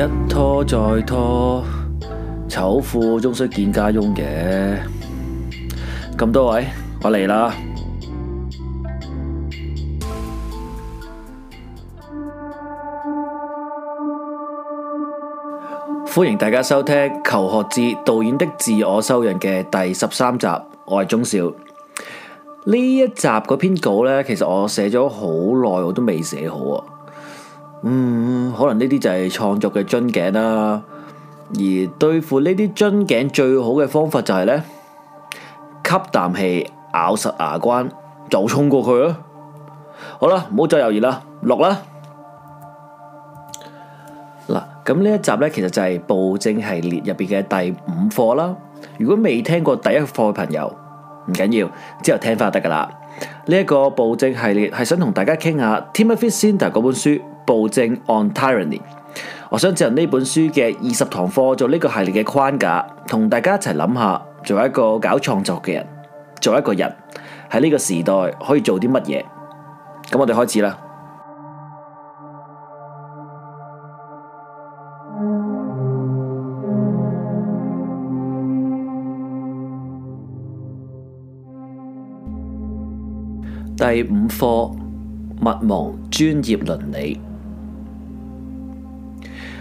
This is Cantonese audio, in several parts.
一拖再拖，醜婦終須見家翁嘅。咁多位，我嚟啦！歡迎大家收聽《求學志》導演的自我修養嘅第十三集，我係鍾少。呢一集嗰篇稿咧，其實我寫咗好耐，我都未寫好啊。嗯，可能呢啲就係創作嘅樽頸啦。而對付呢啲樽頸最好嘅方法就係呢：吸啖氣，咬實牙關就衝過去咯。好啦，唔好再猶豫啦，錄啦嗱。咁呢一集呢，其實就係暴政系列入邊嘅第五課啦。如果未聽過第一課嘅朋友，唔緊要，之後聽翻就得噶啦。呢、這、一個暴政系列係想同大家傾下《Timothy Snyder》嗰本書。暴政 on tyranny，我想借呢本書嘅二十堂課做呢個系列嘅框架，同大家一齊諗下，做一個搞創作嘅人，做一個人，喺呢個時代可以做啲乜嘢？咁我哋開始啦。第五課：勿忘專業倫理。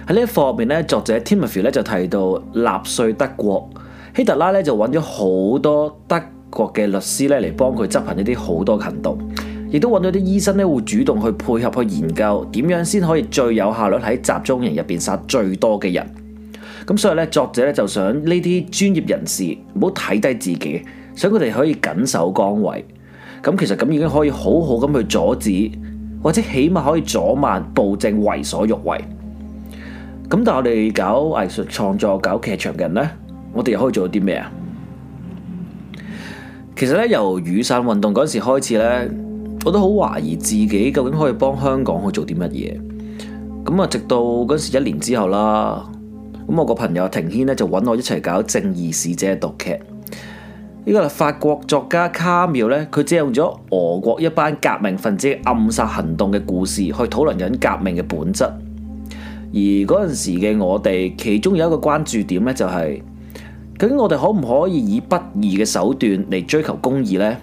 喺呢一課入面咧，作者 Timothy 咧就提到納粹德國希特拉咧就揾咗好多德國嘅律師咧嚟幫佢執行呢啲好多行動，亦都揾到啲醫生咧會主動去配合去研究點樣先可以最有效率喺集中營入面殺最多嘅人。咁所以咧，作者咧就想呢啲專業人士唔好睇低自己，想佢哋可以謹守崗位。咁其實咁已經可以好好咁去阻止，或者起碼可以阻慢暴政為所欲為。咁但係我哋搞藝術創作、搞劇場嘅人呢，我哋又可以做到啲咩啊？其實呢，由雨傘運動嗰時開始呢，我都好懷疑自己究竟可以幫香港去做啲乜嘢。咁啊，直到嗰時一年之後啦，咁我個朋友阿庭軒就揾我一齊搞《正義使者》嘅讀劇。呢個法國作家卡繆呢，佢借用咗俄國一班革命分子暗殺行動嘅故事，去討論緊革命嘅本質。而嗰陣時嘅我哋，其中有一個關注點咧，就是，就係究竟我哋可唔可以以不義嘅手段嚟追求公義呢？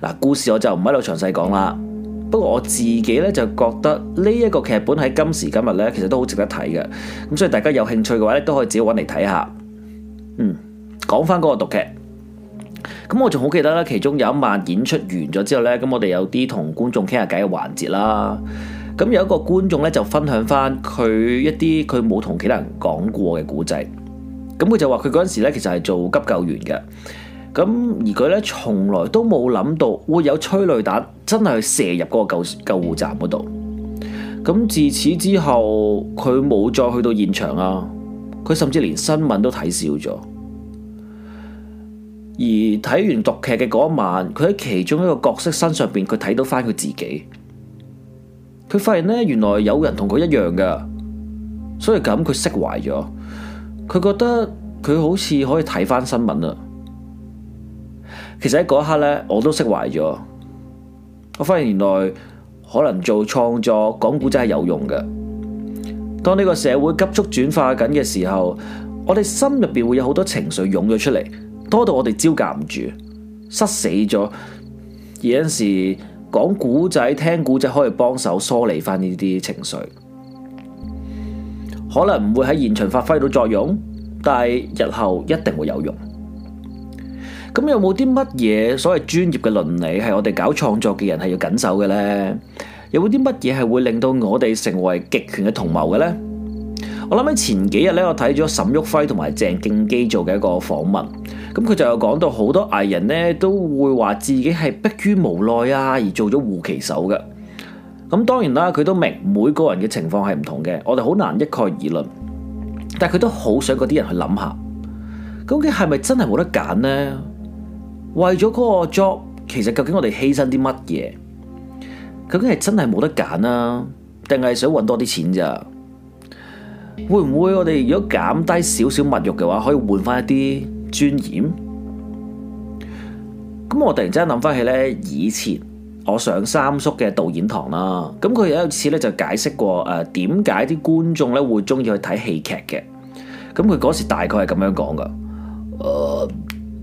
嗱，故事我就唔喺度詳細講啦。不過我自己咧就覺得呢一個劇本喺今時今日咧，其實都好值得睇嘅。咁所以大家有興趣嘅話咧，都可以自己揾嚟睇下。嗯，講翻嗰個讀劇，咁我仲好記得咧，其中有一晚演出完咗之後咧，咁我哋有啲同觀眾傾下偈嘅環節啦。咁有一個觀眾咧，就分享翻佢一啲佢冇同其他人講過嘅古仔。咁佢就話：佢嗰陣時咧，其實係做急救員嘅。咁而佢咧，從來都冇諗到會有催淚彈真係去射入嗰個救救護站嗰度。咁自此之後，佢冇再去到現場啊。佢甚至連新聞都睇少咗。而睇完讀劇嘅嗰晚，佢喺其中一個角色身上邊，佢睇到翻佢自己。佢發現咧，原來有人同佢一樣噶，所以咁佢釋懷咗。佢覺得佢好似可以睇翻新聞啊。其實喺嗰一刻咧，我都釋懷咗。我發現原來可能做創作講古仔係有用嘅。當呢個社會急速轉化緊嘅時候，我哋心入邊會有好多情緒湧咗出嚟，多到我哋招架唔住，失死咗。而有陣時，講古仔、聽古仔可以幫手梳理翻呢啲情緒，可能唔會喺現場發揮到作用，但係日後一定會有用。咁有冇啲乜嘢所謂專業嘅倫理係我哋搞創作嘅人係要緊守嘅呢？有冇啲乜嘢係會令到我哋成為極權嘅同謀嘅呢？我諗起前幾日咧，我睇咗沈旭輝同埋鄭敬基做嘅一個訪問。咁佢就有講到好多藝人咧都會話自己係迫於無奈啊而做咗護旗手嘅。咁當然啦，佢都明每個人嘅情況係唔同嘅，我哋好難一概而論。但係佢都好想嗰啲人去諗下，究竟係咪真係冇得揀呢？為咗嗰個 job，其實究竟我哋犧牲啲乜嘢？究竟係真係冇得揀啊，定係想揾多啲錢咋？會唔會我哋如果減低少少物欲嘅話，可以換翻一啲尊嚴？咁我突然之間諗翻起呢，以前我上三叔嘅導演堂啦，咁佢有一次呢就解釋過誒，點解啲觀眾呢會中意去睇戲劇嘅？咁佢嗰時大概係咁樣講噶，呃，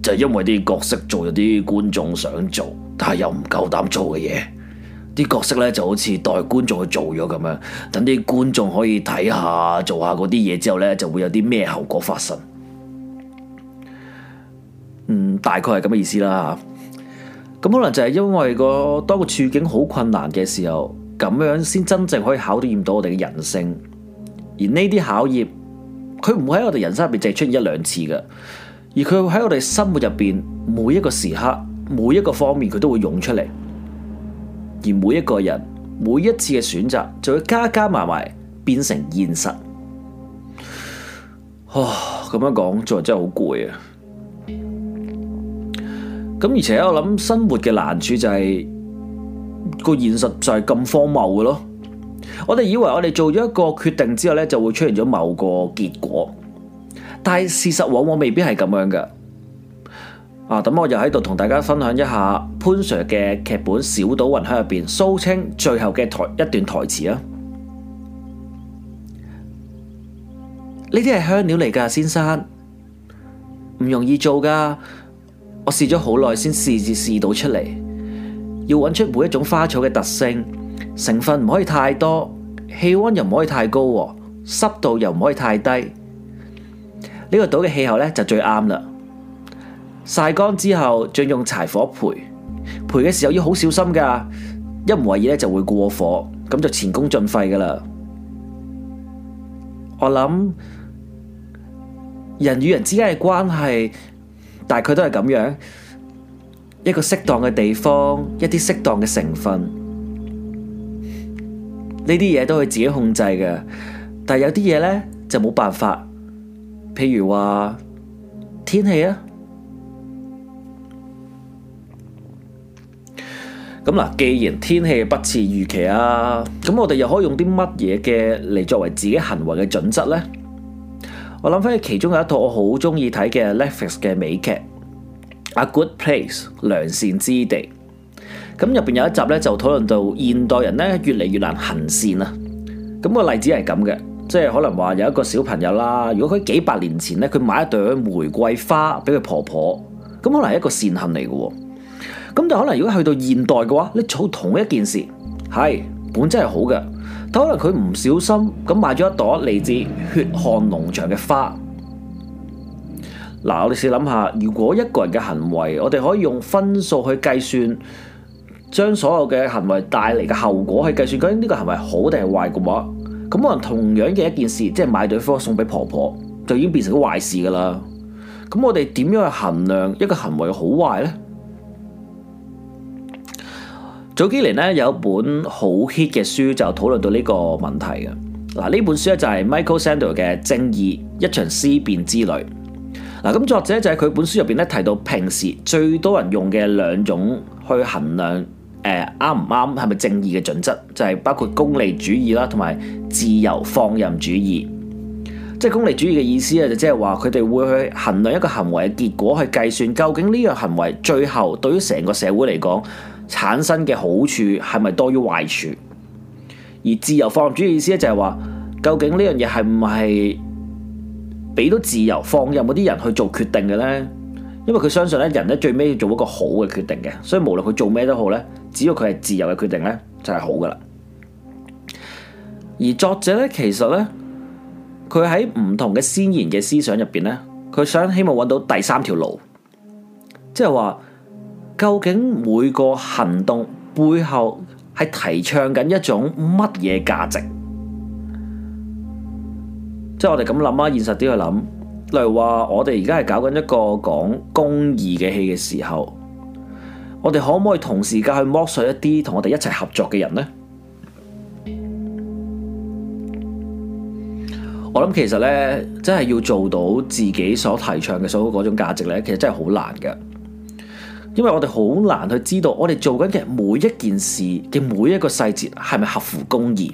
就係，因為啲角色做咗啲觀眾想做，但係又唔夠膽做嘅嘢。啲角色咧，就好似代觀眾去做咗咁樣，等啲觀眾可以睇下做下嗰啲嘢之後咧，就會有啲咩後果發生。嗯，大概係咁嘅意思啦。咁可能就係因為個當個處境好困難嘅時候，咁樣先真正可以考驗到我哋嘅人性。而呢啲考驗，佢唔會喺我哋人生入邊淨係出現一兩次嘅，而佢會喺我哋生活入邊每一個時刻、每一個方面，佢都會湧出嚟。而每一個人每一次嘅選擇，就會加加埋埋變成現實。哇，咁樣講做人真係好攰啊！咁而且我諗生活嘅難處就係個現實就係咁荒謬嘅咯。我哋以為我哋做咗一個決定之後咧，就會出現咗某個結果，但係事實往往未必係咁樣嘅。啊！咁我又喺度同大家分享一下潘 Sir 嘅劇本《小島芸香》入邊蘇青最後嘅台一段台詞啊！呢啲係香料嚟噶，先生唔容易做噶，我試咗好耐先試至試到出嚟。要揾出每一種花草嘅特性成分，唔可以太多，氣溫又唔可以太高，濕度又唔可以太低。呢、這個島嘅氣候呢，就最啱啦。晒乾之後，再用柴火焙。焙嘅時候要好小心噶，一唔留意咧就會過火，咁就前功盡廢噶啦。我諗人與人之間嘅關係，大概都係咁樣。一個適當嘅地方，一啲適當嘅成分，呢啲嘢都可以自己控制嘅，但有啲嘢呢就冇辦法，譬如話天氣啊。咁嗱，既然天氣不似預期啊，咁我哋又可以用啲乜嘢嘅嚟作為自己行為嘅準則呢？我諗翻起其中有一套我好中意睇嘅 Netflix 嘅美劇《A Good Place》良善之地，咁入面有一集咧就討論到現代人咧越嚟越難行善啊。咁、那個例子係咁嘅，即係可能話有一個小朋友啦，如果佢幾百年前咧，佢買一對玫瑰花俾佢婆婆，咁可能係一個善行嚟嘅喎。咁就可能如果去到現代嘅話，你做同一件事，係本質係好嘅，但可能佢唔小心咁買咗一朵嚟自血汗農場嘅花。嗱， 我哋試諗下，如果一個人嘅行為，我哋可以用分數去計算，將所有嘅行為帶嚟嘅後果去計算，究竟呢個行為好定係壞嘅話，咁可能同樣嘅一件事，即係買朵花送俾婆婆，就已經變成壞事噶啦。咁我哋點樣去衡量一個行為嘅好壞呢？早幾年咧，有一本好 hit 嘅書就討論到呢個問題嘅。嗱，呢本書咧就係 Michael Sandel 嘅《正義：一場思辨之旅》。嗱，咁作者就係佢本書入邊咧提到，平時最多人用嘅兩種去衡量誒，啱唔啱，係咪正義嘅準則，就係包括功利主義啦，同埋自由放任主義。即係功利主義嘅意思咧，就即係話佢哋會去衡量一個行為嘅結果去計算，究竟呢個行為最後對於成個社會嚟講。產生嘅好處係咪多於壞處？而自由放任主義嘅意思咧，就係話究竟呢樣嘢係唔係俾到自由放任嗰啲人去做決定嘅呢？因為佢相信咧，人咧最尾要做一個好嘅決定嘅，所以無論佢做咩都好咧，只要佢係自由嘅決定咧，就係好噶啦。而作者咧，其實咧，佢喺唔同嘅先賢嘅思想入邊咧，佢想希望揾到第三條路，即係話。究竟每個行動背後係提倡緊一種乜嘢價值？即係我哋咁諗啊，現實啲去諗，例如話我哋而家係搞緊一個講公義嘅戲嘅時候，我哋可唔可以同時間去剝削一啲同我哋一齊合作嘅人呢？我諗其實咧，真係要做到自己所提倡嘅所有嗰種價值咧，其實真係好難㗎。因為我哋好難去知道我哋做緊嘅每一件事嘅每一個細節係咪合乎公義，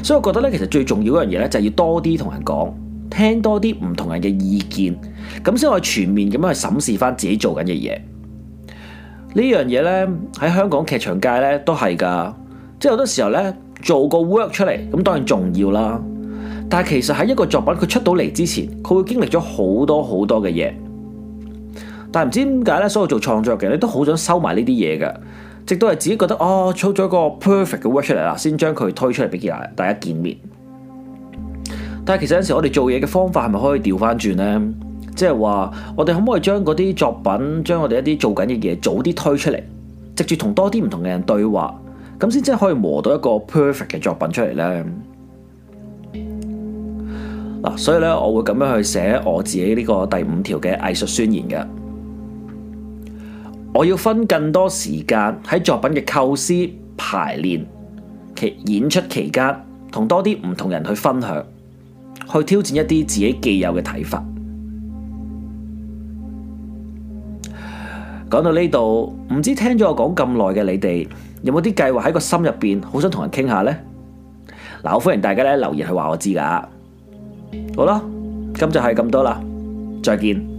所以我覺得咧，其實最重要一樣嘢咧，就係要多啲同人講，聽多啲唔同人嘅意見，咁先可以全面咁樣去審視翻自己做緊嘅嘢。呢樣嘢咧，喺香港劇場界咧都係噶，即係好多時候咧，做個 work 出嚟，咁當然重要啦。但係其實喺一個作品佢出到嚟之前，佢會經歷咗好多好多嘅嘢。但係唔知點解咧，所有做創作嘅人都好想收埋呢啲嘢㗎，直到係自己覺得哦，做咗個 perfect 嘅 work 出嚟啦，先將佢推出嚟俾大家見面。但係其實有陣時我哋做嘢嘅方法係咪可以調翻轉呢？即係話我哋可唔可以將嗰啲作品，將我哋一啲做緊嘅嘢早啲推出嚟，直接同多啲唔同嘅人對話，咁先真係可以磨到一個 perfect 嘅作品出嚟呢？嗱，所以咧我會咁樣去寫我自己呢個第五條嘅藝術宣言嘅。我要分更多時間喺作品嘅構思、排練、期演出期間，同多啲唔同人去分享，去挑戰一啲自己既有嘅睇法。講到呢度，唔知聽咗我講咁耐嘅你哋，有冇啲計劃喺個心入邊，好想同人傾下呢？嗱，我歡迎大家咧留言去話我知噶。好啦，今集就係咁多啦，再見。